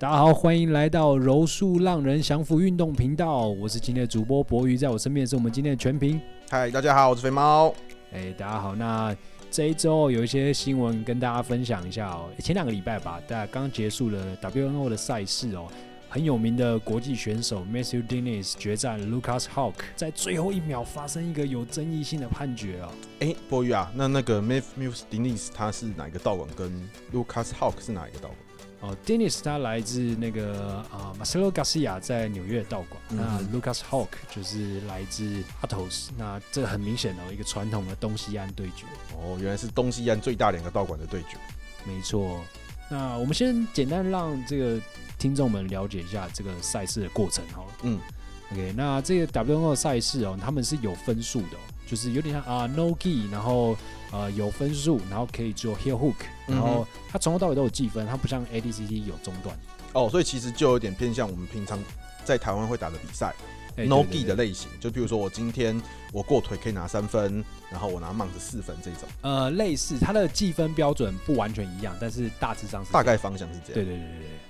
大家好，歡迎來到柔術浪人降伏運動頻道，我是今天的主播博魚，在我身邊是我們今天的全屏。嗨，大家好，我是肥貓。哎、欸，大家好，那這一周有一些新聞跟大家分享一下哦，前兩個禮拜吧，大家剛結束了 WNO 的賽事哦，很有名的國際選手 Matheus Diniz 決戰 Lucas Hulk，在最後一秒發生一個有爭議性的判決哦。哎、欸，博魚啊，那那個 Matheus Diniz 他是哪一個道館？跟 Lucas Hulk 是哪一個道館？哦，Dennis 他來自那個啊 m a 洛 l o Garcia 在紐約道館，嗯。那 Lucas Hawk 就是來自 a t o s，嗯、那這個很明顯哦，一個傳統的東西安對決。哦，原來是東西安最大兩個道館的對決。沒錯。那我們先簡單讓這個聽眾們了解一下這個賽事的過程哈。嗯。OK，那這個 w 二賽事哦，他們是有分數的，就是有點像啊，No Gi，然後。呃，有分數，然後可以做 heel hook，、嗯、然後他從頭到尾都有記分，他不像 ADCC 有中斷。哦，所以其實就有點偏向我們平常在台灣會打的比賽，Nogi 的類型。對對對對，就比如說我今天我過腿可以拿三分，然後我拿 mount 四分這種。呃，類似，他的記分標準不完全一樣，但是大致上是大概方向是這樣。對對對對對。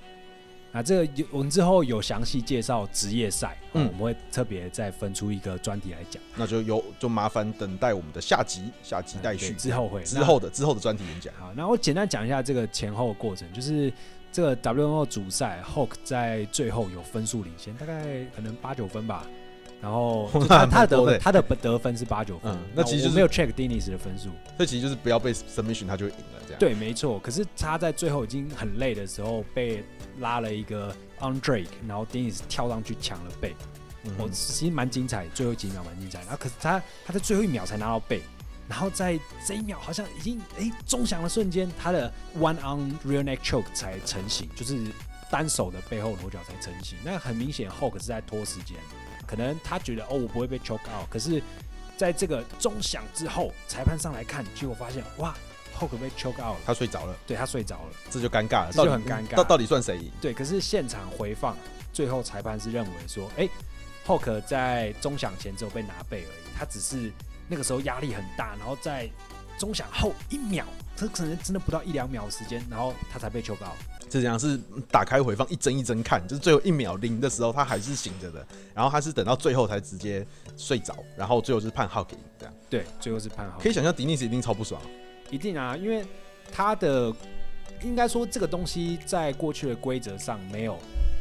那這個，我們之後有詳細介紹職業賽，嗯、啊，我們會特別再分出一個專題來講。那就有，就麻煩等待我們的下集，下集待續。之後會之後的之後的專題演講。好，那我簡單講一下這個前後的過程，就是這個 WNO 主賽，Hulk 在最後有分數領先，大概可能八九分吧。然後他他的、欸、他的得分是八九分、嗯我沒有嗯，那其實、就是、我沒有 check Diniz 的分數，這其實就是不要被 Submission，他就會贏了這樣。對，沒錯。可是他在最後已經很累的時候，被拉了一個 arm drag 然後 Diniz 跳上去搶了背，我其實蠻精彩，最後幾秒蠻精彩。然後可是他他在最後一秒才拿到背，然後在這一秒好像已經哎鐘、欸、響的瞬間，他的 One on Rear Neck Choke 才成型，就是單手的背後裸絞才成型。那很明顯 Hulk 是在拖時間。可能他覺得哦，我不會被 choke out。可是，在這個鐘響之後，裁判上來看，結果發現哇，Hulk 被 choke out 了。他睡着了。對，他睡着了。這就尷尬了，這就很尷尬。到、嗯、到底算誰贏？對，可是現場回放，最後裁判是認為說，哎、欸、Hulk 在鐘響前只有被拿背而已，他只是那個時候壓力很大，然後在。鐘響後一秒，這可能真的不到一兩秒的時間，然後他才被求告。這樣是打開回放一幀一幀看，就是最後一秒零的時候他還是醒着的，然後他是等到最後才直接睡着，然後最後是判號給你。這樣。對，最後是判號。可以想象迪尼斯一定超不爽，一定啊，因為他的應該說這個東西在過去的規則上沒有。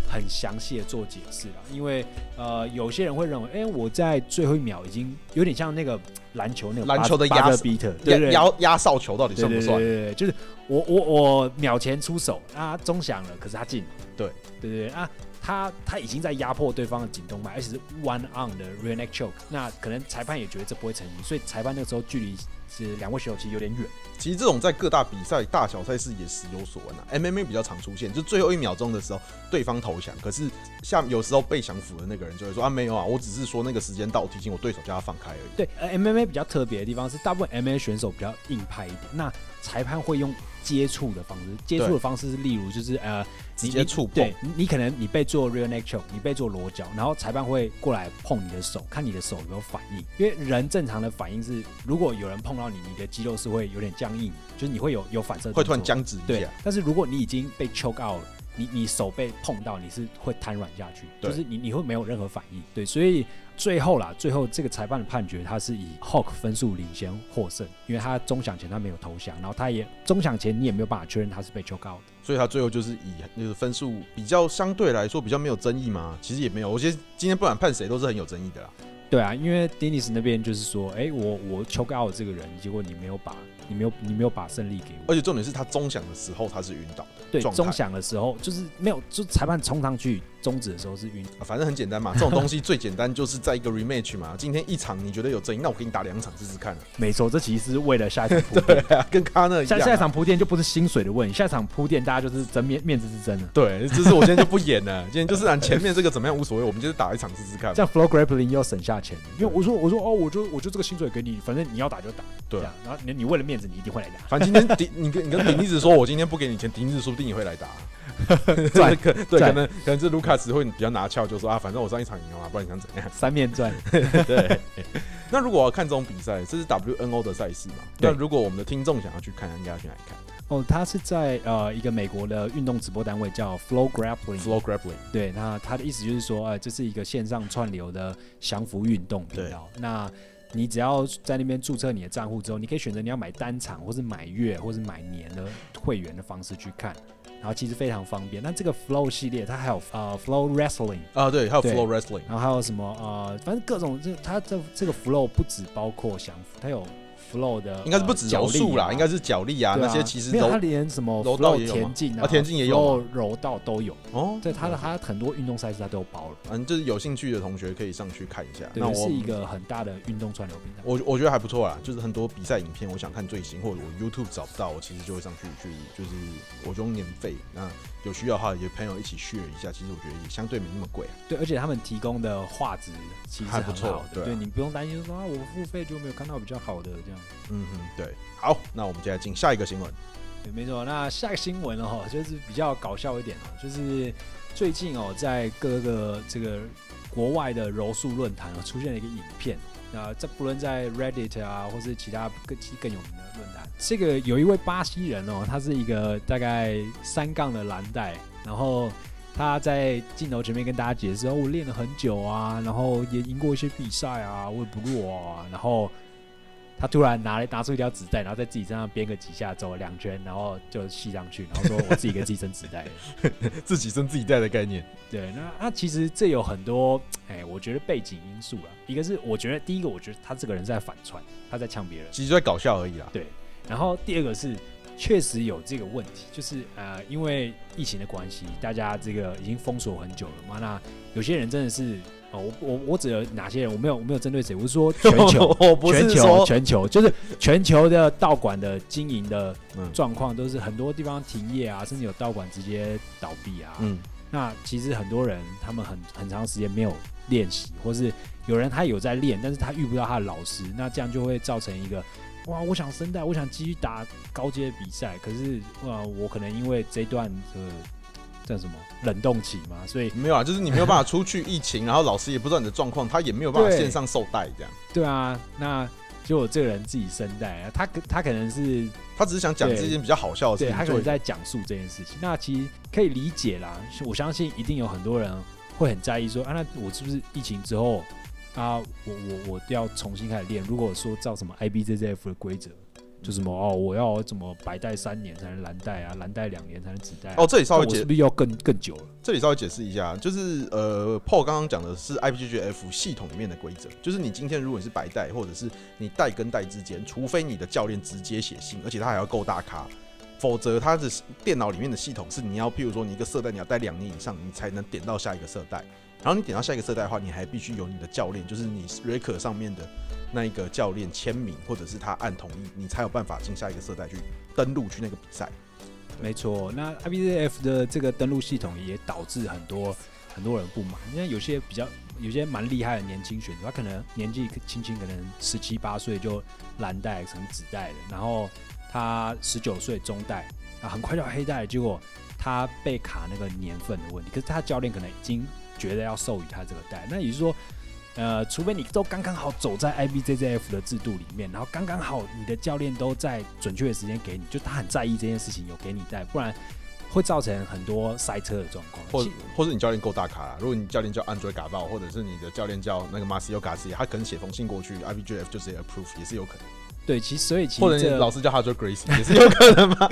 很詳細的做解釋了，因為呃，有些人會認為，哎、欸，我在最後一秒已經有點像那個籃球那個籃球的壓特比特對，對，對，壓壓哨球到底算不算對對對對對？就是我我我，我秒前出手，啊，鐘響了，可是他進了，對對對，啊，他他已經在壓迫對方的頸動脈，而且是 one on 的 rear neck choke，那可能裁判也覺得這不會成立，所以裁判那個時候距離。是兩位選手其實有點遠，其實這種在各大比賽大小賽事也時有所聞啊。MMA 比較常出現，就最後一秒鐘的時候，對方投降，可是像有時候被降服的那個人就會說啊沒有啊，我只是說那個時間到，提醒我對手叫他放開而已。對，而 MMA 比較特別的地方是，大部分 MMA 選手比較硬派一點，那裁判會用。接觸的方式，接觸的方式是例如就是呃，直接觸碰你，你，可能你被做 real neck choke，你被做裸絞，然後裁判會過來碰你的手，看你的手有沒有反應。因為人正常的反應是，如果有人碰到你，你的肌肉是會有點僵硬，就是你會有有反射，會突然僵直一下。但是如果你已經被 choke out 了。你你手被碰到，你是會癱軟下去，就是你你會沒有任何反應，對，所以最後啦，最後這個裁判的判決，他是以 Hulk 分數領先獲勝，因為他鐘響前他沒有投降，然後他也鐘響前你也沒有辦法確認他是被 choke out 的，所以他最後就是以那個分數比較相對來說比較沒有爭議嘛，其實也沒有，我覺得今天不管判誰都是很有爭議的啦。對啊，因為 Diniz 那邊就是說，哎，我我 choke out 這個人，結果你沒有把。你沒有，你沒有把勝利給我。而且重點是他鐘響的時候他是暈倒的，對，鐘響的時候就是沒有，就裁判衝上去。終止的時候是暈、啊，反正很簡單嘛，這種東西最簡單就是在一個 rematch 嘛。 今天一場你覺得有爭議，那我給你打兩場試試看。沒錯，這其實是為了下一場，鋪 墊、啊。跟卡一、啊、下下一場鋪墊就不是薪水的問題，下一場鋪墊大家就是真面面子是真的。對，就是我今天就不演了， 今天就是講前面這個怎麼樣 無所謂，我們就是打一場試試看。這樣 FloGrappling 又省下錢，因為我說我說，我說哦，我就我就這個薪水給你，反正你要打就打。對啊，然後你你為了面子，你一定會來打。反正今天你跟你跟頂日子說，我今天不給你錢，頂日子說不定你會來打。 賺可對，可能可能這盧卡斯會比較拿翹，就說啊，反正我上一場贏了嘛，不然你想怎樣？三面轉。 對。 那如果要看這種比賽，這是 WNO 的賽事嘛？但如果我們的聽眾想要去看，看，應該去哪裡看？哦，他是在呃一個美國的運動直播單位叫 Flow Grappling。Flow Grappling。對，那他的意思就是說，哎，這是一個線上串流的降服運動頻道。對。那你只要在那邊注冊你的賬戶之後，你可以選擇你要買單場，或是買月，或是買年的會員的方式去看。然後其實非常方便，但這個 Flow 系列它還有呃 Flow Wrestling 啊，對，還有 Flow, flow Wrestling，然後還有什麼呃，反正各種它這它的這個 Flow 不只包括降服，它有。flow 的應該是不止柔術啦，應該是角力啊，角力啊，啊那些其實都沒有他連什麼哦田徑啊田徑也有、啊、也有柔道都有哦對他的、嗯、他很多運動賽事他都有包了，反、嗯、正就是有興趣的同學可以上去看一下，對那我是一個很大的運動串流平台，我我覺得還不錯啦，就是很多比賽影片我想看最新或者我 YouTube 找不到我其實就會上去去就是我就用年費，那有需要的話有朋友一起 share 一下，其實我覺得也相對沒那麼貴、啊，對，而且他們提供的畫質其實還不錯、啊，對，你不用擔心說啊我付費就沒有看到比較好的這樣。嗯哼，對，好，那我們現在進下一個新聞。對，沒錯，那下一個新聞哦，就是比較搞笑一點哦，就是最近哦，在各個這個國外的柔術論壇哦，出現了一個影片。那這不論在 Reddit 啊，或是其他更其實更有名的論壇，這個有一位巴西人哦，他是一個大概三槓的藍帶，然後他在鏡頭前面跟大家解釋哦，我練了很久啊，然後也贏過一些比賽啊，我也不弱啊，然後。他突然拿來拿出一條紫帶，然後在自己身上編個幾下，走了兩圈，然後就繫上去，然後說：“我自己給自己升紫帶 自己升自己帶的概念。”對，那那其實這有很多，哎、欸，我覺得背景因素啦。一個是，我覺得第一個，我覺得他這個人是在反串，他在嗆別人，其實在搞笑而已啦。對。然後第二個是，確實有這個問題，就是呃，因為疫情的關係，大家這個已經封鎖很久了嘛，那有些人真的是。哦，我我我指的哪些人？我沒有我沒有針對誰。我是說全球， 我不是說全球全球，就是全球的道館的經營的狀況、嗯、都是很多地方停業啊，甚至有道館直接倒閉啊。嗯，那其實很多人他們很很長時間沒有練習，或是有人他有在練，但是他遇不到他的老師，那這樣就會造成一個哇，我想升帶，我想繼續打高階的比賽，可是呃，我可能因為這一段呃。在什麼冷凍期嘛，所以沒有啊，就是你沒有辦法出去疫情， 然後老師也不知道你的狀況，他也沒有辦法線上授帶這樣，對。對啊，那就我這個人自己升帶，他他可能是他只是想講這件比較好笑的事情，他可能在講述這件事情。那其實可以理解啦，我相信一定有很多人會很在意說啊，那我是不是疫情之後啊，我我我都要重新開始練？如果說照什麼 IBJJF 的規則。就什麼哦，我要怎麼白帶三年才能藍帶啊？藍帶兩年才能紫帶，啊？哦，這裡稍微解釋，啊、是不是要更更久了？這裡稍微解釋一下，就是呃，Paul 剛剛講的是 IPGF 系統裡面的規則，就是你今天如果你是白帶，或者是你帶跟帶之間，除非你的教練直接寫信，而且他還要夠大咖，否則他的電腦裡面的系統是你要，譬如說你一個色帶你要帶兩年以上，你才能點到下一個色帶。然後你點到下一個色帶的話，你還必須有你的教練，就是你 rec 上面的那一個教練簽名，或者是他按同意，你才有辦法進下一個色帶去登錄去那個比賽。沒錯，那 IBJJF 的這個登錄系統也導致很多很多人不滿，因為有些比較有些蠻厲害的年輕選手，他可能年紀輕輕，可能十七八歲就藍帶成紫帶了，然後他十九歲中帶啊，很快就要黑帶了，結果他被卡那個年份的問題，可是他教練可能已經。覺得要授予他這個帶，那也就是說，呃，除非你都剛剛好走在 IBJJF 的制度裡面，然後剛剛好你的教練都在準確的時間給你，就他很在意這件事情有給你帶，不然會造成很多塞車的狀況。或或是你教練夠大咖，如果你教練叫 Andre Galvao，或者是你的教練叫那個 Marcelo Garcia，他可能寫封信過去 IBJJF 就直接 approve 也是有可能。對，其實所以其實或者老師叫他做 Gracie 也是有可能嗎？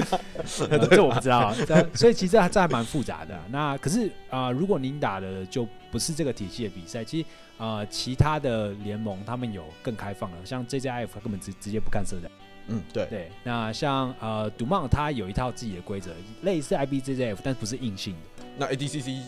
這、 呃、我不知道，啊。 所以其實還這還蠻複雜的，啊。那可是啊、呃，如果您打的就不是這個體系的比賽，其實啊、呃，其他的聯盟他們有更開放的，像 JJIF 根本直直接不看色的。嗯，對對，那像呃賭夢它有一套自己的規則，類似 IBJJF，但不是硬性的。那 ADCC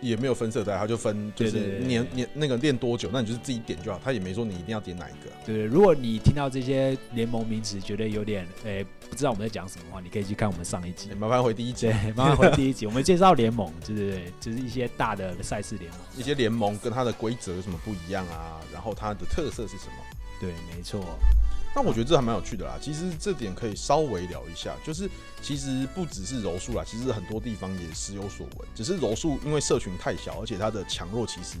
也沒有分色帶，它就分就是年年那個練多久，那你就是自己點就好，他也沒說你一定要點哪一個。對，如果你聽到這些聯盟名詞覺得有點哎、欸、不知道我們在講什麼的話，你可以去看我們上一集。欸、麻煩回第一集，對，麻煩回第一集， 我們介紹聯盟，就是就是一些大的賽事聯盟，一些聯盟跟它的規則有什麼不一樣啊？然後它的特色是什麼？對，沒錯。那我覺得這還蠻有趣的啦。其實這點可以稍微聊一下，就是其實不只是柔術啦，其實很多地方也時有所聞。只是柔術因為社群太小，而且它的強弱其實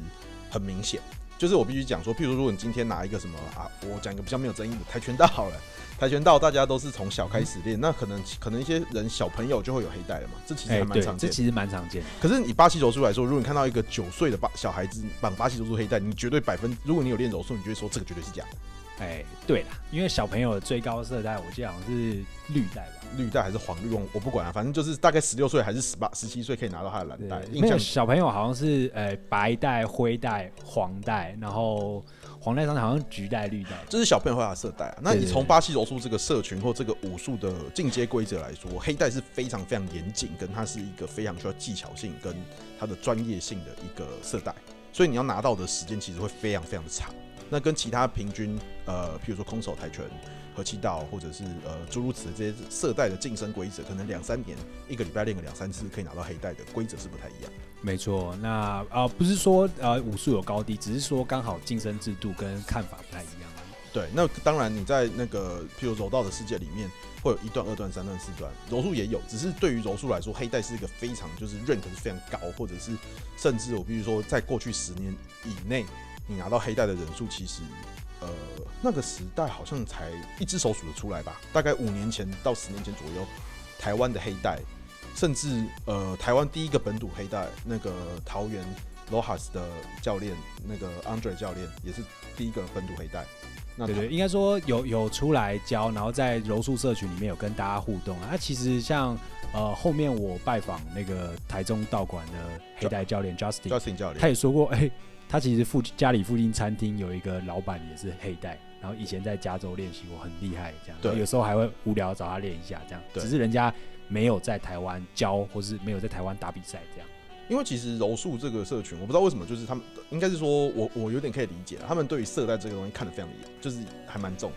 很明顯。就是我必須講說，譬如說如果你今天拿一個什麼啊，我講一個比較沒有爭議的跆拳道好了，跆拳道大家都是從小開始練，嗯，那可能可能一些人小朋友就會有黑帶了嘛，這其實還蠻常見，欸。這其實蠻常見。可是以巴西柔術來說，如果你看到一個九歲的八小孩子綁巴西柔術黑帶，你絕對百分，如果你有練柔術，你就會說這個絕對是假的。哎、欸，對啦，因為小朋友的最高色帶我記得好像是綠帶吧，綠帶還是黃綠？我不管啊，反正就是大概十六歲還是十八、十七歲可以拿到他的藍帶。沒有小朋友好像是、欸、白帶、灰帶、黃帶，然後黃帶上面好像橘帶、綠帶。這是小朋友會拿色帶啊。那你從巴西柔術這個社群或這個武術的進階規則來說，黑帶是非常非常嚴謹，跟它是一個非常需要技巧性跟它的專業性的一個色帶，所以你要拿到的時間其實會非常非常的長。那跟其他平均，呃，譬如說空手、跆拳、合氣道，或者是呃諸如此這些色帶的晉升規則，可能兩三年一個禮拜練個兩三次，可以拿到黑帶的規則是不太一樣的。沒錯，那啊、呃、不是說呃武術有高低，只是說剛好晉升制度跟看法不太一樣而已。對，那當然你在那個譬如柔道的世界裡面，會有一段、二段、三段、四段，柔術也有，只是對於柔術來說，黑帶是一個非常就是認可是非常高，或者是甚至我必須說在過去十年以內。你拿到黑帶的人數，其實，呃，那個時代好像才一隻手數得出來吧？大概五年前到十年前左右，台灣的黑帶，甚至呃，台灣第一個本土黑帶，那個桃園 Lohas 的教練，那個 Andre 教練，也是第一個本土黑帶。那對，對，對，應該說有有出來教，然後在柔術社群裡面有跟大家互動啊。其實像呃後面我拜訪那個台中道館的黑帶教練 Justin, Justin 教練，他也說過，哎、欸。他其實附近家裡附近餐廳有一個老闆也是黑帶，然後以前在加州練習過，很厲害。這樣，對，有時候還會無聊找他練一下，這樣，對。只是人家沒有在台灣教，或是沒有在台灣打比賽，這樣。因為其實柔術這個社群，我不知道為什麼，就是他們應該是說我我有點可以理解，他們對於色帶這個東西看得非常的嚴，就是還蠻重。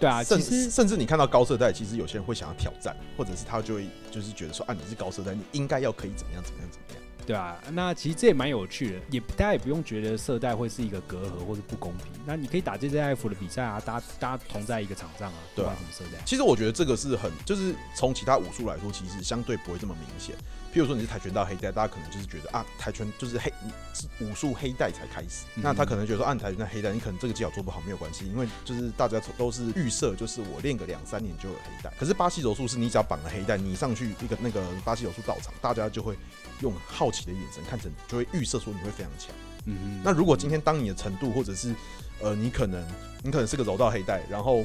對啊，甚至甚至你看到高色帶，其實有些人會想要挑戰，或者是他就會就是覺得說啊，你是高色帶，你應該要可以怎麼樣怎麼樣怎麼樣。對啊，那其實這也蠻有趣的，也大家也不用覺得色帶會是一個隔閡或者不公平。那你可以打 JZF 的比賽啊，大家大家同在一個場上啊，對吧？啊，什麼色帶？其實我覺得這個是很，就是從其他武術來說，其實相對不會這麼明顯。譬如說你是跆拳道黑帶，大家可能就是覺得啊，跆拳就是黑是武術黑帶才開始，嗯，那他可能覺得說按跆拳道黑帶，你可能這個技巧做不好沒有關係，因為就是大家都是預設，就是我練個兩三年就有黑帶。可是巴西柔術是你只要綁了黑帶，你上去一個那個巴西柔術道場，大家就會。用好奇的眼神看，成就會預設說你會非常強。嗯嗯。那如果今天當你的程度，或者是呃，你可能你可能是個柔道黑帶，然後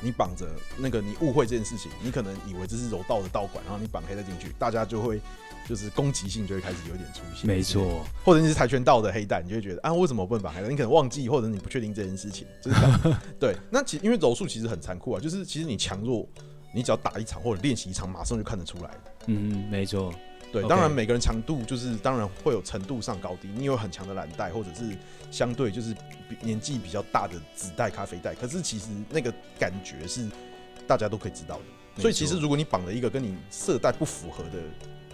你綁着那個你誤會這件事情，你可能以為這是柔道的道館，然後你綁黑帶進去，大家就會就是攻擊性就會開始有點出現。沒錯。或者你是跆拳道的黑帶，你就會覺得啊，為什麼我不能綁黑帶？你可能忘記，或者你不確定這件事情，就是、 對。那其實因為柔術其實很殘酷啊，就是其實你強弱，你只要打一場或者練習一場，馬上就看得出來。嗯嗯，沒錯。對，Okay. 當然每個人強度就是當然會有程度上高低。你有很強的藍帶，或者是相對就是年紀比較大的紫帶、咖啡帶，可是其實那個感覺是大家都可以知道的。所以其實如果你綁了一個跟你色帶不符合的，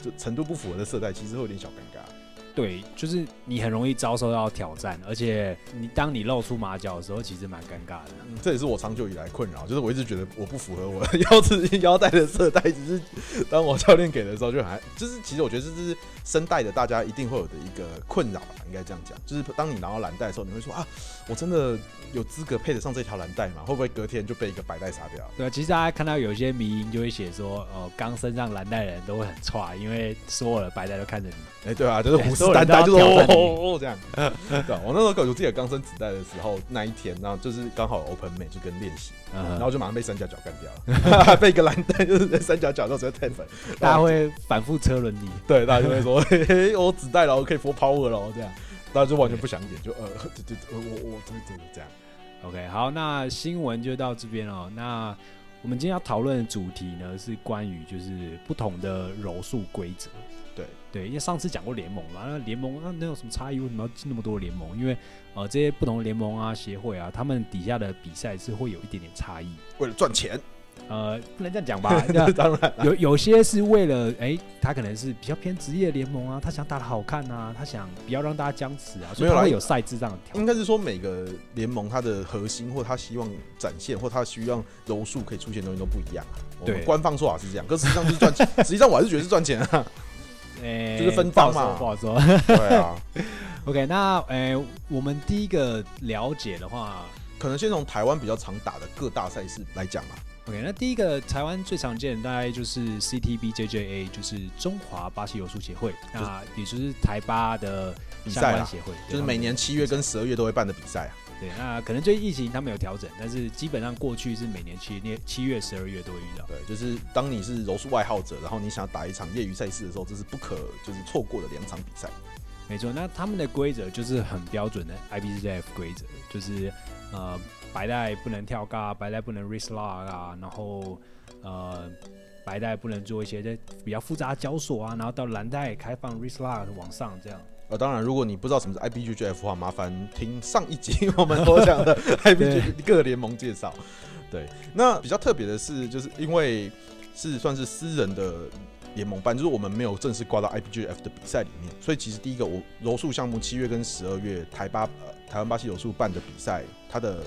就程度不符合的色帶，其實會有點小尷尬。對，就是你很容易遭受到挑戰，而且你當你露出馬腳的時候，其實蠻尷尬的。嗯、這也是我長久以來困擾，就是我一直覺得我不符合我腰子腰帶的色帶，只是當我教練給的時候就很，就還就是其實我覺得這是升帶的大家一定會有的一個困擾吧，應該這樣講。就是當你拿到藍帶的時候，你會說啊，我真的有資格配得上這條藍帶嗎？會不會隔天就被一個白帶殺掉？對，其實大家看到有一些迷音就會寫說，哦、呃，剛升上藍帶人都會很差，因為所有的白帶都看着你。哎、欸，對啊，就是胡色。單單就 o p，喔喔喔喔，這樣，啊，我那時候有自己的剛升紫帶的時候那一天，然後就是剛好 open mat 就跟練習，嗯嗯、然後就馬上被三角腳幹掉了，嗯、被一個藍帶就是在三角腳上直接 tap 粉，大家會反覆車輪你，對，大家就會說， 嘿嘿我紫帶了，我可以 full power 了，這樣，大家就完全不想演，就呃，就，就，呃就呃我我真的這樣，OK，好，那新聞就到這邊哦，那我們今天要討論的主題呢是關於就是不同的柔術規則。對對，因為上次講過聯盟嘛，那聯盟那能有什麼差異？為什麼要進那麼多聯盟？因為呃，這些不同聯盟啊、協會啊，他們底下的比賽是會有一點點差異。為了賺錢，呃，不能這樣講吧？那 當然有有些是為了，哎、欸，他可能是比較偏職業聯盟啊，他想打得好看啊，他想不要讓大家僵持啊，所以他會有賽制這樣的調。應該是說每個聯盟它的核心或他希望展現或他希望柔術可以出現的東西都不一樣。對，官方說法是這樣，可事實上就是賺， 實際上我還是覺得是賺錢啊。哎、欸，就是分檔嘛，到不好說。 對啊，OK，那哎、欸，我們第一個了解的話，可能先從台灣比較常打的各大賽事來講吧。OK，那第一個台灣最常見的大概就是 CTB JJA，就是中華巴西柔術協會啊，就是，那也就是台巴的比賽協會，就是每年七月跟十二月都會辦的比賽啊。對，那可能最近疫情他們有調整，但是基本上過去是每年七、月七月、十二月都會遇到。對，就是當你是柔術愛好者，然後你想要打一場業餘賽事的時候，這是不可就是錯過的兩場比賽。沒錯，那他們的規則就是很標準的 IBJJF 規則，就是呃白帶不能跳嘎白帶不能 wrist lock 啊，然後呃白帶不能做一些比較複雜的交鎖啊，然後到藍帶開放 wrist lock 往上這樣。呃，當然，如果你不知道什麼是 IBJJF 的話，麻煩聽上一集我們所講的 IBJJ 對笑各聯盟介紹。對，那比較特別的是，就是因為是算是私人的聯盟辦，就是我們沒有正式掛到 IBJJF 的比賽裡面，所以其實第一個，我柔術項目七月跟十二月台巴，呃、台灣巴西柔術辦的比賽，它的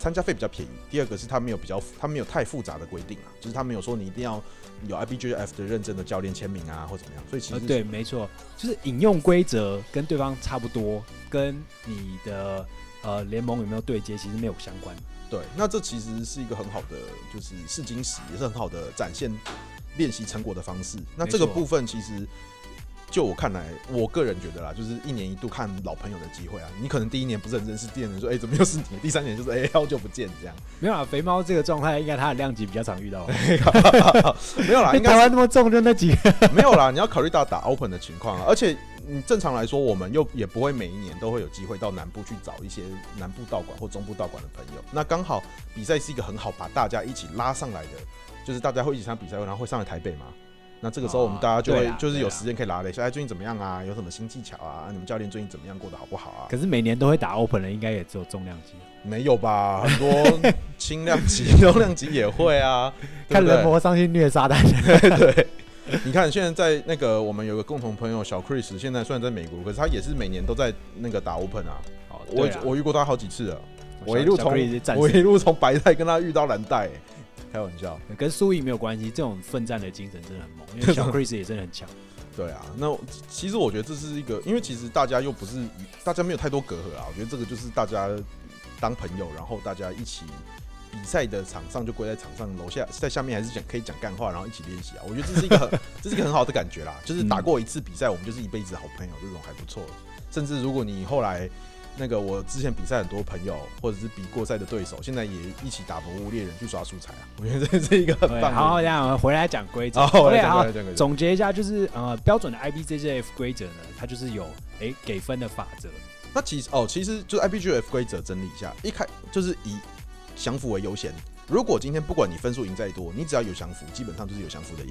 參加費比較便宜。第二個是他沒有比較，他沒有太複雜的規定啊，就是他沒有說你一定要有 IBJJF 的認證的教練簽名啊，或怎麼樣。所以其實對，沒錯，就是引用規則跟對方差不多，跟你的呃聯盟有沒有對接其實沒有相關。對，那這其實是一個很好的，就是試金石，也是很好的展現練習成果的方式。那這個部分其實。就我看來，我個人覺得啦，就是一年一度看老朋友的機會啊。你可能第一年不是很認識，第二年說，哎、欸，怎麼又是你？第三年就是，哎、欸，好久不見，這樣。沒有啊，肥貓這個狀態，應該他的量級比較常遇到。 欸、 沒有啦，應該、欸、台灣那麼重，就那幾個。 沒有啦，你要考慮到打 Open 的情況，而且你正常來說，我們又也不會每一年都會有機會到南部去找一些南部道館或中部道館的朋友。那剛好比賽是一個很好把大家一起拉上來的，就是大家會一起參加比賽然後會上來台北嗎那這個時候我們大家就會就是有時間可以了一下。哎、啊啊啊就是、最近怎麼樣啊？有什麼新技巧啊？你們教練最近怎麼樣？過得好不好啊？可是每年都會打 Open 的，應該也只有重量級，沒有吧？很多輕量級、 重量級也會啊。 對不對，看人模上去虐沙袋。 對，你看現在在那個我們有個共同朋友小 Chris，現在雖然在美國，可是他也是每年都在那個打 Open 啊。哦、啊我我遇過他好幾次了，哦、我一路從我一路從白帶跟他遇到藍帶。開玩笑，跟輸贏沒有關係。這種奮戰的精神真的很猛，因為小 Chris 也真的很強。 對啊，那其實我覺得這是一個，因為其實大家又不是大家沒有太多隔閡啊。我覺得這個就是大家當朋友，然後大家一起比賽的場上就歸在場上，樓下在下面還是講可以講幹話，然後一起練習啊。我覺得這是一個很 這是一個很好的感覺啦。就是打過一次比賽，我們就是一輩子好朋友，這種還不錯，嗯。甚至如果你後來。那個我之前比賽很多朋友，或者是比過賽的對手，現在也一起打魔物獵人去刷素材啊。我覺得這是一個很棒。Okay, 然後這樣，回來講規則，回來講講、oh, okay, 總結一下，就是呃標準的 i b j j f 規則呢，它就是有哎、欸、給分的法則。那其實哦，其實就 IBJJF 規則整理一下，一開就是以降服為優先。如果今天不管你分數贏再多，你只要有降服，基本上就是有降服的贏。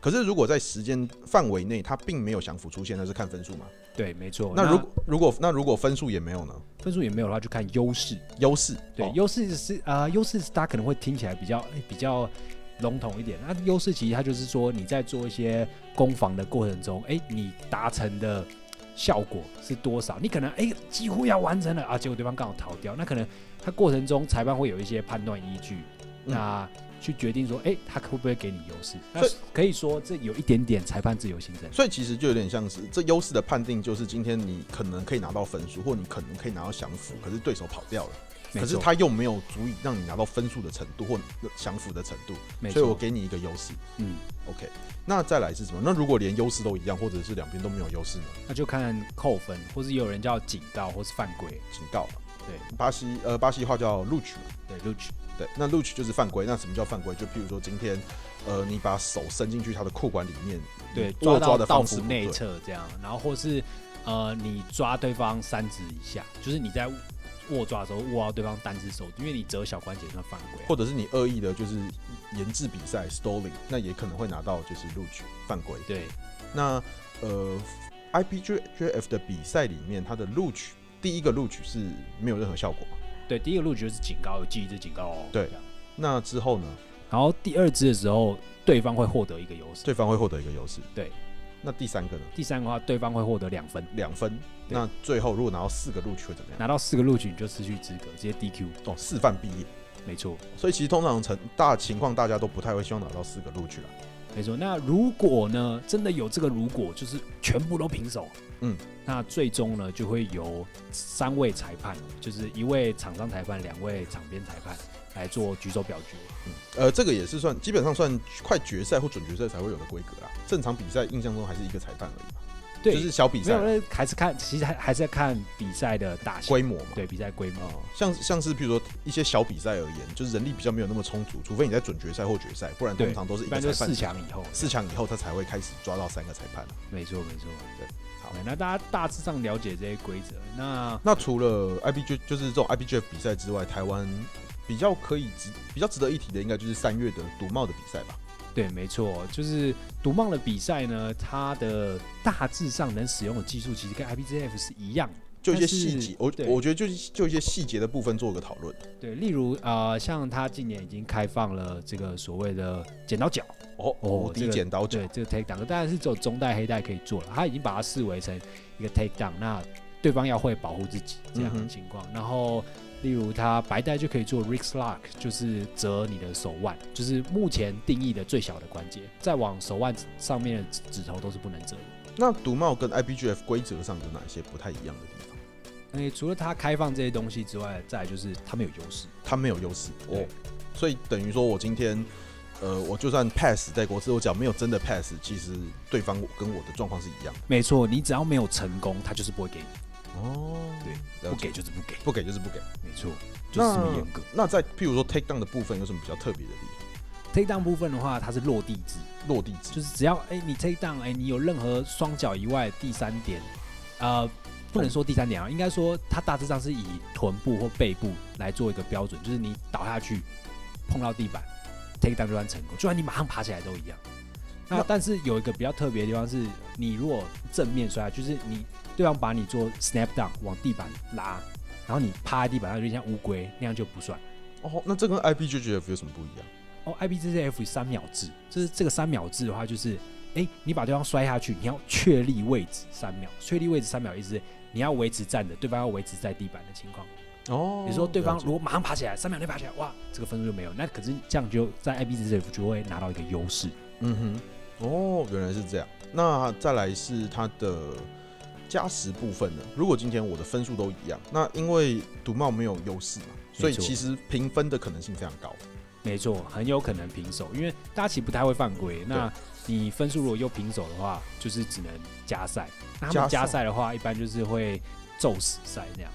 可是如果在時間範圍內它並沒有降服出現，那是看分數嗎？對，沒錯。那如果那如果那如果分數也沒有呢？分數也沒有的話，就看優勢。優勢對，哦、優勢是啊，優勢它可能會聽起來比較、欸、比較籠統一點。那優勢其實它就是說你在做一些攻防的過程中，誒、欸，你達成的效果是多少？你可能誒、欸、幾乎要完成了啊，結果對方剛好逃掉，那可能它過程中裁判會有一些判斷依據。那、嗯去決定說，哎、欸，他會不會給你優勢？所以、啊、可以說，這有一點點裁判自由心證。所以其實就有點像是這優勢的判定，就是今天你可能可以拿到分數，或你可能可以拿到降服，嗯、可是對手跑掉了，可是他又沒有足以讓你拿到分數的程度或你降服的程度，所以，我給你一個優勢。嗯，OK。那再來是什麼？那如果連優勢都一樣，或者是兩邊都沒有優勢呢？那就看扣分，或是有人叫警告，或是犯規警告。對，巴西呃，巴西話叫錄取。對，錄取。對，那錄取就是犯規。那什麼叫犯規？就譬如說今天，呃，你把手伸進去他的褲管裡面，對，嗯、抓抓的方式內側這樣，然後或是呃，你抓對方三指以下，就是你在握，握抓的時候握到對方單只手，因為你折小關節那犯規，啊，或者是你惡意的，就是延滯比賽 stalling 那也可能會拿到就是錄取犯規。對，那呃，IBJJF 的比賽裡面，他的錄取。第一個錄取是沒有任何效果，對，第一個錄取就是警告，記一次警告哦、喔。對，那之後呢？然後第二支的時候，對方會獲得一個優勢。對方會獲得一個優勢，對。那第三個呢？第三個的話，對方會獲得兩分，兩分。那最後如果拿到四個錄取會怎麼樣？拿到四個錄取你就失去資格，直接 DQ 哦，示範畢業。沒錯，所以其實通常成大情況大家都不太會希望拿到四個錄取了。沒錯，那如果呢，真的有這個如果，就是全部都平手。嗯，那最終呢，就會由三位裁判，就是一位場上裁判，兩位場邊裁判來做舉手表決，嗯。呃，這個也是算基本上算快決賽或準決賽才會有的規格啊。正常比賽印象中還是一個裁判而已。對，就是小比賽，還是看，其實還還是看比賽的大小規模嘛。對，比賽規模，哦。像像是比如說一些小比賽而言，就是人力比較沒有那麼充足，除非你在準決賽或決賽，不然通常都是一個裁判。一般四強以後，四強以後他才會開始抓到三個裁判，啊。沒錯，沒錯，對。那大家大致上了解這些規則。那那除了 IBJJF，就是這種 IBJJF 的比賽之外，台灣比較可以值、比較值得一提的，應該就是三月的賭帽的比賽吧？對，沒錯，就是賭帽的比賽呢，它的大致上能使用的技術，其實跟 IBJJF 是一樣的。就一些細節，我我覺得就就一些細節的部分做一個討論。對，例如啊、呃，像他今年已經開放了這個所謂的剪刀腳哦哦，這個、剪刀腳。對，這個 take down，當然是只有中帶黑帶可以做了。他已經把它視為成一個 take down，那對方要會保護自己這樣的情況、嗯。然後例如他白帶就可以做 Wrist Lock，就是折你的手腕，就是目前定義的最小的關節，再往手腕上面的指，指頭都是不能折的。那獨帽跟 IBJJF 規則上有哪一些不太一樣的地方？除了他開放這些東西之外，再來就是他沒有優勢，他沒有優勢哦。所以等於說，我今天，呃，我就算 pass 在國師，我講沒有真的 pass，其實對方我跟我的狀況是一樣的。沒錯，你只要沒有成功，他就是不會給你。哦，對，不給就是不給，不給就是不給，沒錯，就是這麼嚴格那。那在譬如說 take down 的部分有什麼比較特別的地方？take down 部分的話，它是落地制，落地制就是只要哎、欸、你 take down，哎、欸、你有任何雙腳以外第三點，呃。不能說第三點啊，應該說它大致上是以臀部或背部來做一個標準，就是你倒下去碰到地板，take down 就算成功，就算你馬上爬起來都一樣。那、啊、但是有一個比較特別的地方是，你如果正面摔下去，下就是你對方把你做 snap down 往地板拉，然後你趴在地板上就，有點像烏龜那樣就不算。哦，那這跟 IBJJF 有什麼不一樣？哦 IBJJF 三秒制，就是這個三秒制的話就是，哎、欸，你把對方摔下去，你要確立位置三秒，確立位置三秒一直。你要維持站着，對方要維持在地板的情況。哦，比如說對方如果馬上爬起來，三秒內爬起來，哇，這個分數就沒有。那可是這樣就在 IBJJF 就會拿到一個優勢。嗯哼，哦，原來是這樣。那再來是它的加時部分呢。如果今天我的分數都一樣，那因為賭帽沒有優勢嘛，所以其實平分的可能性非常高。沒錯，很有可能平手，因為大家其實不太會犯規，嗯。那你分數如果又平手的話，就是只能加賽。他們加賽的話，一般就是會驟死賽那樣。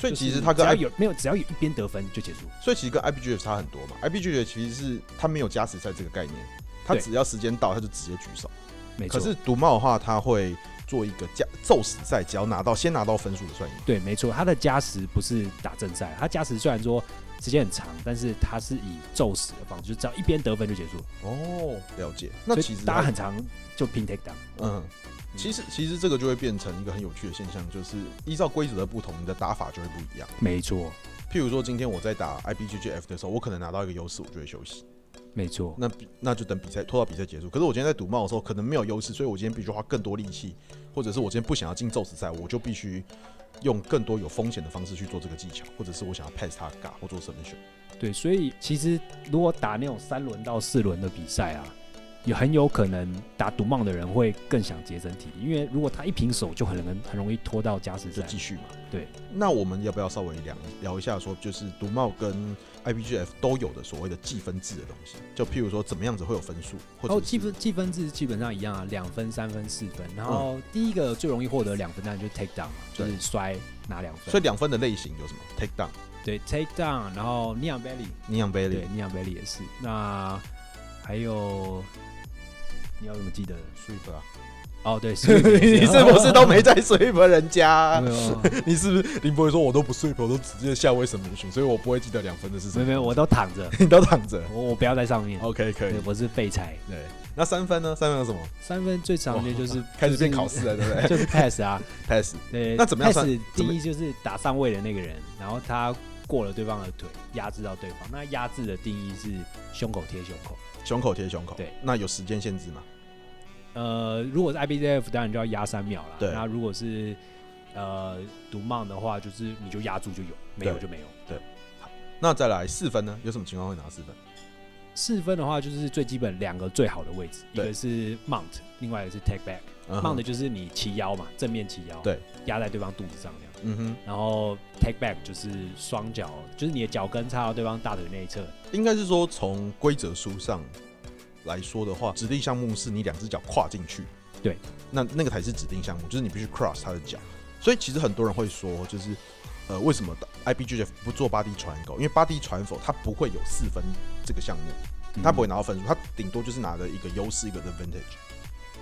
所以其實他跟 I 有沒有，只要有一邊得分就結束。所以其實跟 IBJJF 也差很多嘛。IBJJF 其實是他沒有加時賽這個概念，他只要時間到他就直接舉手。沒錯。可是獨貓的話，他會做一個加驟死賽，只要拿到先拿到分數的算贏。對，沒錯。他的加時不是打正賽，他加時雖然說時間很長，但是他是以驟死的方式，只要一邊得分就結束。哦，了解。那其實大家很常就拼 take down。嗯。其實，其實這個就會變成一個很有趣的現象，就是依照規則的不同，你的打法就會不一樣。沒錯，譬如說今天我在打 IBJJF 的時候，我可能拿到一個優勢，我就會休息。沒錯，那比那就等比賽拖到比賽結束。可是我今天在賭帽的時候，可能沒有優勢，所以我今天必須花更多力氣，或者是我今天不想要進宙斯賽，我就必須用更多有風險的方式去做這個技巧，或者是我想要 pass 他的 guard 或做 submission。對，所以其實如果打那種三輪到四輪的比賽啊，也很有可能打獨帽的人會更想節省體力，因為如果他一平手就很能很容易拖到加時賽繼續嘛。對。那我們要不要稍微聊聊一下，說就是獨帽跟 IBGF 都有的所謂的計分制的東西？就譬如說怎麼樣子會有分數？哦計分計分制基本上一樣啊，兩分、三分、四分。然後第一個最容易獲得兩分，當然就是 take down 嘛、嗯，就是摔拿兩分。所以兩分的類型有什麼？Take down。對，take down。然後 knee on belly，knee on belly 也是。那還有你，你要怎麼記得 sweep 啊？哦、oh,，對，Swift, 是 你是不是都沒在 sweep 人家？ 沒有， 你是不是？你不會說我都不 sweep 我都直接下位 submission 所以我不會記得兩分的事情。沒有，沒有，我都躺着， 你都躺着，我我不要在上面。OK，可以。我是廢柴。對。那三分呢？三分有什麼？三分最常見就是,就是、哦、開始變考試了，對不對？就是 就 pass 啊 ，pass。對。那怎麼樣算？Pass、第一就是打上位的那個人，然後他。過了對方的腿，壓制到對方。那壓制的定義是胸口貼胸口，胸口貼胸口。對，那有時間限制嗎？呃，如果是 IBJJF，當然就要壓三秒了。對，那如果是呃獨 Mount 的話，就是你就壓住就有，沒有就沒有。對。對。好，那再來四分呢？有什麼情況會拿四分？四分的話，就是最基本兩個最好的位置，一個是 Mount，另外一個是 Take Back。嗯、mount 就是你騎腰嘛，正面騎腰，對，壓在對方肚子上。嗯哼，然後 take back 就是雙腳，就是你的腳跟插到對方大腿內側。應該是說，從規則書上來說的話，指定項目是你兩隻腳跨進去。對，那那個才是指定項目，就是你必須 cross 他的腳。所以其實很多人會說，就是呃，為什麼 IBJJF 不做 body triangle？因為 body triangle，它不會有四分這個項目，它不會拿到分數，它頂多就是拿了一個優勢，一個的 advantage。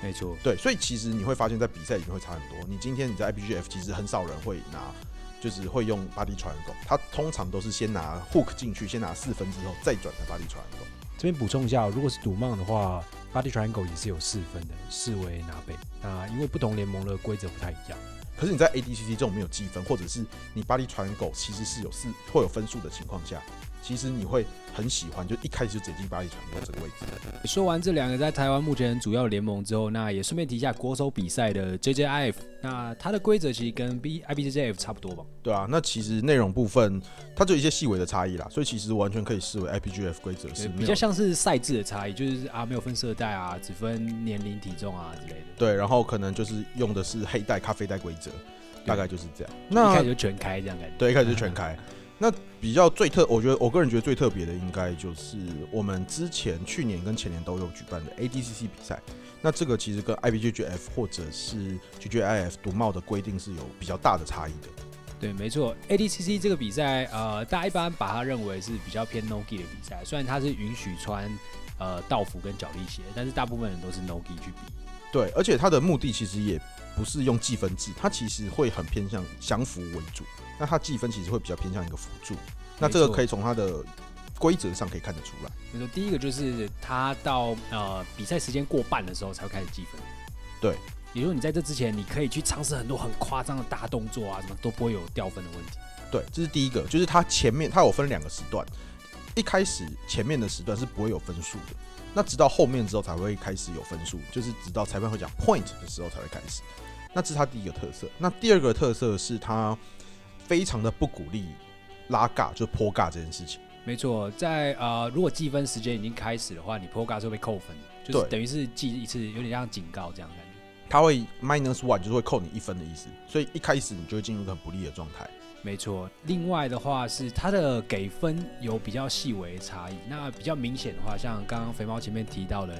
沒錯，對，所以其實你會發現在比賽裡面會差很多。你今天你在 IPGF 其實很少人會拿，就是會用 body triangle，他通常都是先拿 hook 進去，先拿四分之後再轉成 body triangle。這邊補充一下，如果是賭夢 o 的話，body triangle 也是有四分的，視為拿背。那因為不同聯盟的規則不太一樣，可是你在 ADCC 這種沒有積分，或者是你 body triangle 其實是有四會有分數的情況下。其實你會很喜歡，就一開始就直接進巴黎傳播這個位置。說完這兩個在台灣目前主要聯盟之後，那也順便提一下國手比賽的 J J I F。那它的規則其實跟 B I B J J F 差不多吧？對啊，那其實內容部分它就有一些細微的差異啦，所以其實完全可以視為 I B J J F 規則是比較像是賽制的差異，就是啊沒有分色帶啊，只分年齡、體重啊之類的。對，然後可能就是用的是黑帶、咖啡帶規則，大概就是這樣。那一開始就全開這樣感覺？對，一開始就全開。 那比較最特，我覺得我個人覺得最特別的，應該就是我們之前去年跟前年都有舉辦的 ADCC 比賽。那這個其實跟 IBJJF 或者是 JJIF 奪帽的規定是有比較大的差異的。對，沒錯，ADCC 這個比賽，呃，大家一般把它認為是比較偏 NoGi 的比賽。雖然它是允許穿呃道服跟腳力鞋，但是大部分人都是 NoGi 去比。對，而且它的目的其實也不是用計分制，它其實會很偏向降服為主。那他計分其實會比較偏向一個輔助，那這個可以從他的規則上可以看得出來。沒錯。比如說第一個就是他到呃比賽時間過半的時候才會開始計分。對，比如說你在這之前，你可以去嘗試很多很誇張的大動作啊，什麼都不會有掉分的問題。對，這是第一個，就是他前面他有分兩個時段，一開始前面的時段是不會有分數的，那直到後面之後才會開始有分數，就是直到裁判會講 point 的時候才會開始。那這是他第一個特色。那第二個特色是他。非常的不鼓勵拉尬就坡尬這件事情。沒錯，在呃如果計分時間已經開始的話，你坡尬是會被扣分，就是等於是計一次，有點像警告這樣感覺。他會 minus one 就是會扣你一分的意思，所以一開始你就會進入一個很不利的狀態。沒錯，另外的話是它的給分有比較細微的差異。那比較明顯的話，像剛剛肥貓前面提到的，誒、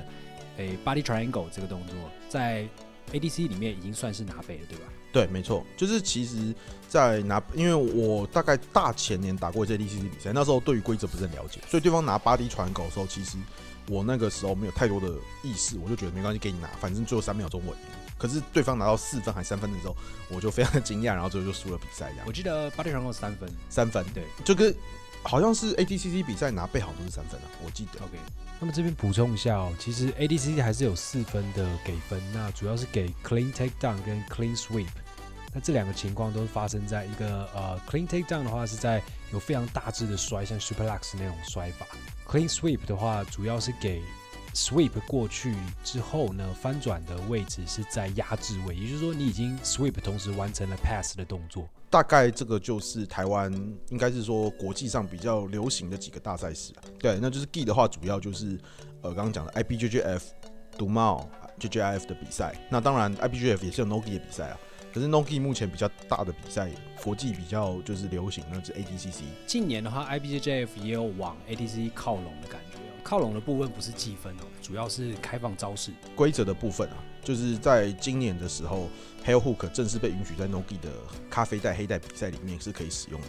欸、body triangle 這個動作在。A D C 裡面已經算是拿背了，對吧？對，沒錯，就是其實，在拿，因為我大概大前年打過 A D C 比賽，那時候對於規則不是很了解，所以對方拿八滴船狗的時候，其實我那個時候沒有太多的意識，我就覺得沒關係，給你拿，反正最後三秒鐘我贏。可是對方拿到四分還是三分的時候，我就非常驚訝，然後最後就輸了比賽。我記得八滴船狗三分，三分，對，就跟。好像是 ADCC 比賽拿背好都是三分啊，我記得。OK，那麼這邊補充一下哦，其實 ADCC 還是有四分的給分，那主要是給 clean take down 跟 clean sweep。那這兩個情況都是發生在一個呃 clean take down 的話是在有非常大致的摔，像 suplex 那種摔法。clean sweep 的話，主要是給 sweep 過去之後呢，翻轉的位置是在壓制位，也就是說你已經 sweep 同時完成了 pass 的動作。大概這個就是台灣，應該是說國際上比較流行的幾個大賽事對。那就是 Gi 的話，主要就是呃剛剛講的 IBJJF Dumau JJIF 的比賽。那當然 IBJJF 也是有 Nogi 的比賽啊，可是 Nogi 目前比較大的比賽，國際比較就是流行，那是 ADCC。近年的話，IBJJF 也有往 ADCC 靠攏的感覺。靠攏的部分不是計分哦，主要是開放招式規則的部分啊，就是在今年的時候，heel hook 正式被允許在 NoGi 的咖啡帶黑帶比賽裡面是可以使用的。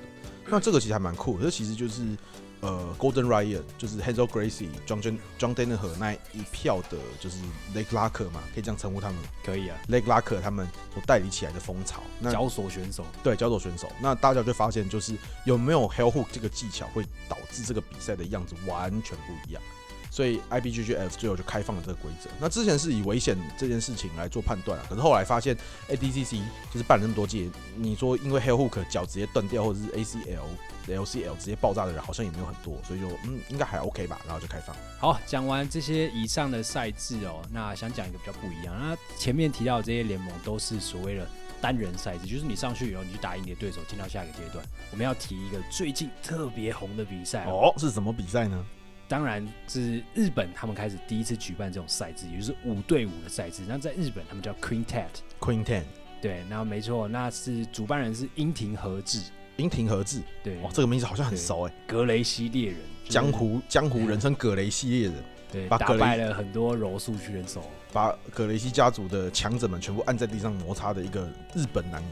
那這個其實還蠻酷的，這其實就是。呃，Gordon Ryan 就是 Renzo Gracie John、John John Danaher 和那一票的，就是 Leg Locker 嘛，可以這樣稱呼他們。可以啊 Leg Locker 他們所帶領起來的風潮，那腳鎖選手，對腳鎖選手。那大家就發現，就是有沒有 Hell Hook 這個技巧，會導致這個比賽的樣子完全不一樣。所以 IBJJF 最後就開放了這個規則。那之前是以危險這件事情來做判斷了，可是後來發現 ADCC 就是辦了那麼多屆，你說因為 Hell Hook 腳直接斷掉或者是 ACL。LCL 直接爆炸的人好像也沒有很多，所以就嗯應該還 OK 吧，然後就開放。好，講完這些以上的賽制哦，那想講一個比較不一樣。那前面提到的這些聯盟都是所謂的單人賽制，就是你上去以後你就打贏你的對手，進到下一個階段。我們要提一個最近特別紅的比賽哦。哦，是什麼比賽呢？當然是日本他們開始第一次舉辦這種賽制，也就是五對五的賽制。那在日本他們叫 Quintet Quintet。對，那沒錯，那是主辦人是櫻庭和志。櫻庭和志，對，哇，這個名字好像很熟哎、欸。格雷西獵人、就是，江湖江湖人稱葛雷西獵人，對，打敗了很多柔術選手，把葛雷西家族的強者們全部按在地上摩擦的一個日本男兒。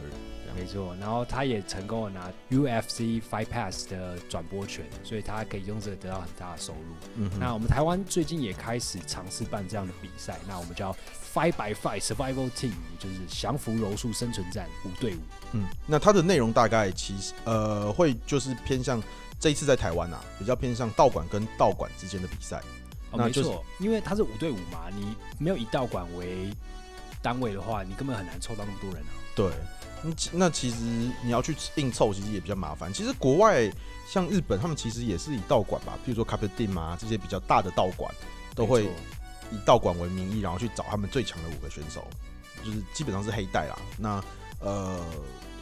沒錯，然後他也成功了拿 UFC Fight Pass 的轉播權，所以他可以用這得到很大的收入。嗯、那我們台灣最近也開始嘗試辦這樣的比賽，那我們叫 Fight by Fight Survival Team，就是降服柔術生存戰五對五。嗯，那它的內容大概其實呃會就是偏向這一次在台灣啊，比較偏向道館跟道館之間的比賽、哦就是。沒錯，因為它是五對五嘛，你沒有以道館為單位的話，你根本很難湊到那麼多人啊。對，那其實你要去硬湊，其實也比較麻煩。其實國外像日本，他們其實也是以道館吧，比如說 Captain 嘛、啊、這些比較大的道館，都會以道館為名義，然後去找他們最強的五個選手，就是基本上是黑帶啦。那呃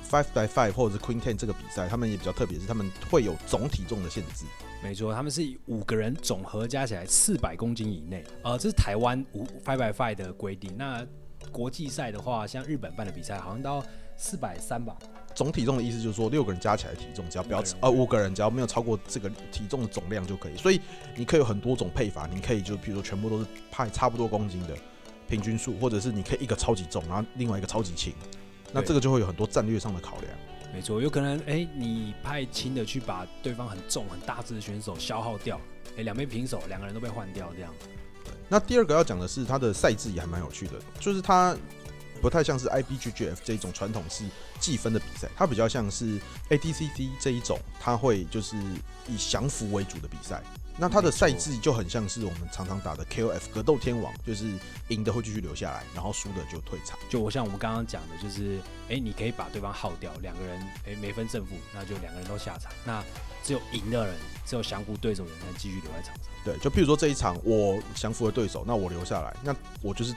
，Five by Five 或者是 Quintet 這個比賽，他們也比較特別，是他們會有總體重的限制。沒錯，他們是以五個人總和加起來四百公斤以內。呃，這是台灣五 Five by Five 的規定。那國際賽的話，像日本辦的比賽，好像到四百三吧。總體重的意思就是說，六個人加起來體重只要不要呃五個人只要沒有超過這個體重的總量就可以。所以你可以有很多種配法，你可以就譬如說全部都是派差不多公斤的平均數，或者是你可以一個超級重，然後另外一個超級輕。那這個就會有很多戰略上的考量，沒錯，有可能誒、欸，你派輕的去把對方很重、很大只的選手消耗掉，誒、欸，兩邊平手，兩個人都被換掉這樣。對，那第二個要講的是他的賽制也還蠻有趣的，就是他。不太像是 IBJJF 這一種傳統式計分的比賽，它比較像是 ATCC 這一種，它會就是以降服為主的比賽。那它的賽制就很像是我們常常打的 KOF 格鬥天王，就是贏的會繼續留下來，然後輸的就退場。就我像我們剛剛講的，就是哎，你可以把對方耗掉，兩個人哎沒分勝負，那就兩個人都下場。那只有贏的人，只有降服對手的人才繼續留在場上。對，就譬如說這一場我降服了對手，那我留下來，那我就是。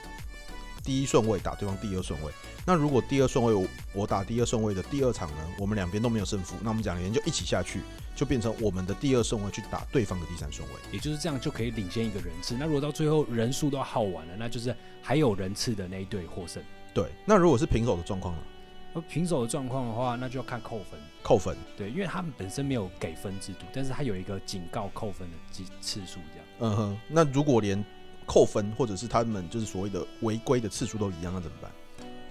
第一順位打對方第二順位，那如果第二順位我，我打第二順位的第二場呢？我們兩邊都沒有勝負，那我們兩個人就一起下去，就變成我們的第二順位去打對方的第三順位，也就是這樣就可以領先一個人次。那如果到最後人數都耗完了，那就是還有人次的那一隊獲勝。對，那如果是平手的狀況呢？平手的狀況的話，那就要看扣分。扣分。對，因為他們本身沒有給分制度，但是他有一個警告扣分的次次數這樣。嗯哼，那如果連。扣分，或者是他們就是所謂的違規的次數都一樣，那怎麼辦？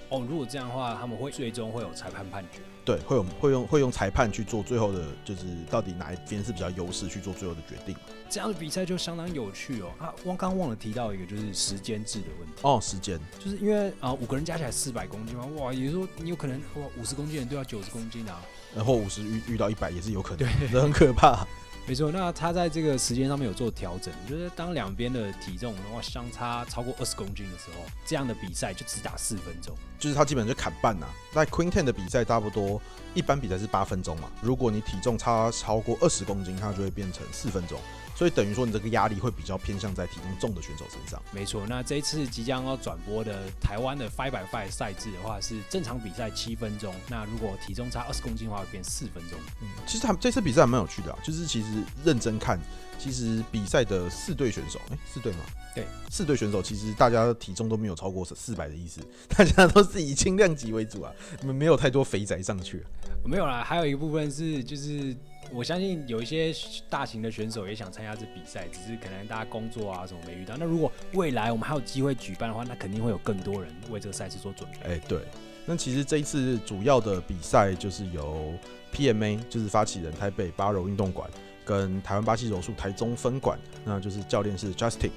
哦，如果這樣的話，他們會最終會有裁判判決。對，會有會用會用裁判去做最後的，就是到底哪一邊是比較優勢去做最後的決定。這樣的比賽就相當有趣哦啊！我剛忘了提到一個，就是時間制的問題哦。時間就是因為啊、呃，五個人加起來四百公斤嘛，哇，也就是說你有可能哇五十公斤人對到九十公斤啊，然後五十遇遇到一百也是有可能，對，這很可怕。 沒錯，那他在這個時間上面有做調整。就是當兩邊的體重的話相差，超過二十公斤的時候，這樣的比賽就只打四分鐘，就是他基本上就砍半吶、啊。在 Queen Ten 的比賽差不多，一般比賽是八分鐘嘛。如果你體重差超過二十公斤，它就會變成四分鐘。所以等於說，你這個壓力會比較偏向在體重重的選手身上。沒錯，那這一次即將要轉播的台灣的 Five by Five 賽制的話，是正常比賽七分鐘。那如果體重差二十公斤的話，會變四分鐘。嗯，其實他們這次比賽還蠻有趣的、啊，就是其實認真看，其實比賽的四隊選手，哎、欸，四隊嗎？對，四隊選手其實大家體重都沒有超過四百的意思，大家都是以輕量級為主啊，你們沒有太多肥宅上去、啊。沒有啦，還有一個部分是就是。我相信有一些大型的選手也想參加這比賽，只是可能大家工作啊什麼沒遇到。那如果未來我們還有機會舉辦的話，那肯定會有更多人為這個賽事做準備。哎，對。那其實這一次主要的比賽就是由 PMA，就是發起人台北巴柔運動館跟台灣巴西柔術台中分館，那就是教練是 Justin，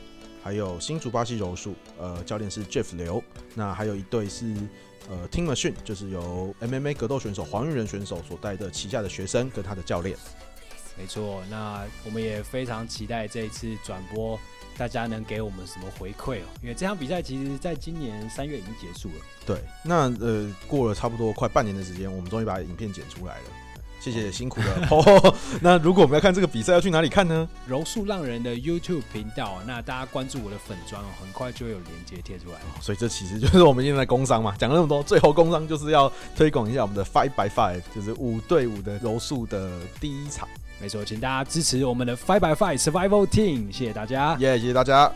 還有新竹巴西柔術，呃，教練是 Jeff 劉。那還有一隊是。呃 Team Machine 就是由 MMA 格鬥選手黃玉仁選手所帶的旗下的學生跟他的教練。沒錯，那我們也非常期待這一次轉播，大家能給我們什麼回饋哦？因為這場比賽其實在今年三月已經結束了。對，那呃，過了差不多快半年的時間，我們終於把影片剪出來了。謝謝，辛苦了、 哦、那如果我們要看這個比賽，要去哪裡看呢？柔術浪人的 YouTube 頻道。那大家關注我的粉專哦，很快就會有鏈接貼出來、哦。所以這其實就是我們現在工商嘛，講了那麼多，最後工商就是要推廣一下我們的 Five by Five，就是五對五的柔術的第一場。沒錯，請大家支持我們的 Five by Five Survival Team，謝謝大家。耶、yeah，謝謝大家。